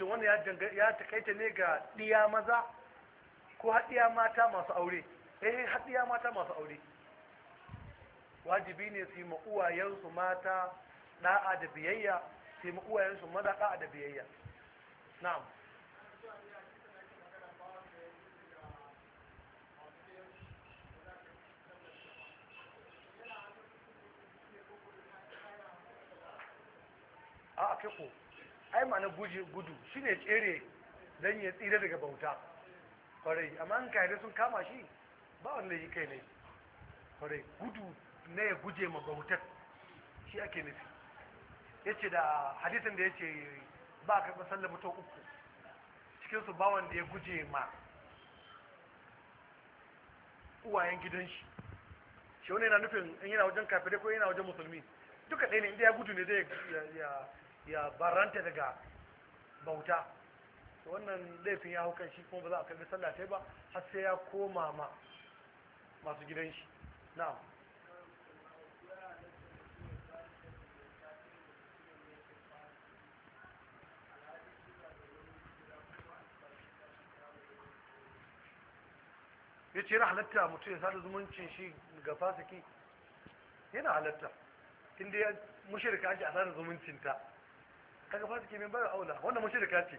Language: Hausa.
shi wani ya takaita ne ga ɗiya maza ko haɗiya mata masu aure eh haɗiya mata masu aure wajibi ne su ma uwayensu mata ɗa'a da biyayya su ma uwayensu maza ɗa'a da biyayya na'am a ake ko ai ma'ana gudu shine tsere dan ya tsira daga bauta kwarai amma an kayyade sun kama shi ba wanda yi kai ne kwarai gudu na ya guje ma bautar shi ake nufi ya ce da hadisin da ya ce ba a karɓar sallar mutum uku cikinsu ba wanda ya guje ma uwayen gidan shi shi wani yana nufin in yana wajen kafirai ko yana wajen musulmi duka ɗaya ne inda ya gudu ne zai ya baranta daga bauta wannan laifin ya hukan shi kuma ba za a karbi sallah ta ba har sai ya koma ma masu gidan shi na'am ya ce yana halatta mutum ya sada zumuncin shi ga fasiki yana halatta inda ya mushirka ake a sada zumuncinta kaga fasiki min bara aula wannan mushrika ce